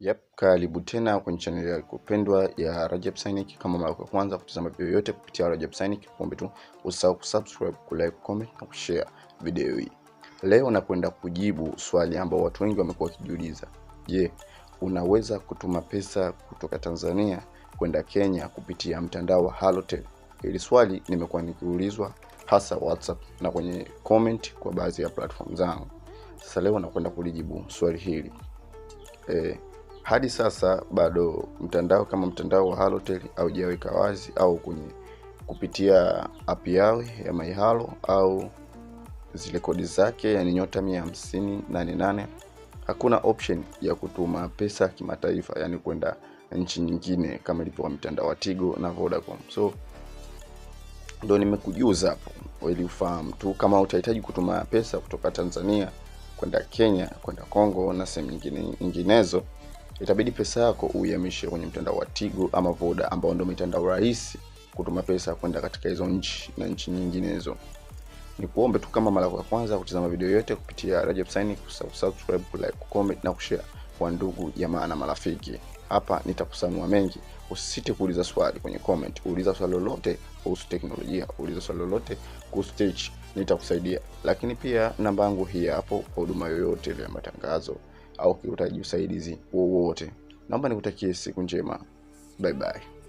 Yep, karibu tena kwenye channel ya kupendwa ya Rajab Synic. Kama mara ya kwanza kutazama video yote kupitia Rajab Synic, kuombe tu usahau kusubscribe, kulike, comment na kushare video hii. Leo napenda kujibu swali ambao watu wengi wamekuwa wakijiuliza. Je, unaweza kutuma pesa kutoka Tanzania kwenda Kenya kupitia mtandao wa Halotel? Hili swali nimekuwa nikiulizwa hasa WhatsApp na kwenye comment kwa baadhi ya platform zangu. Sasa leo nakwenda kulijibu swali hili eh, hadi sasa bado mtandao kama mtandao wa Halotel haujaweka wazi au kwenye kupitia app yao ya maihalo au zile kodi zake, yani nyota mia hakuna option ya kutuma pesa kimataifa, yani kwenda nchi nyingine kama ilivyo kwa mtandao wa Tigo na Vodacom. So ndo nimekujuza hapo ili ufahamu tu, kama utahitaji kutuma pesa kutoka Tanzania kwenda Kenya, kwenda Kongo na sehemu nyingine nyinginezo itabidi pesa yako uihamishe kwenye mtandao wa Tigo ama Voda ambao ndio mitandao rahisi kutuma pesa kwenda katika hizo nchi na nchi nyinginezo. Ni kuombe tu kama mara ya kwanza kutazama video yote kupitia Rajab Synic, kusubscribe, kulike, comment na kushare kwa ndugu, jamaa na marafiki. Hapa nitakusanua mengi. Usisite kuuliza swali kwenye comment, uliza swali lolote kuhusu teknolojia, uliza swali lolote kuhusu stage, nitakusaidia. Lakini pia namba yangu hii hapo kwa huduma yoyote ya matangazo au kiutaji usaidizi wowote. Naomba nikutakie siku njema, bye bye.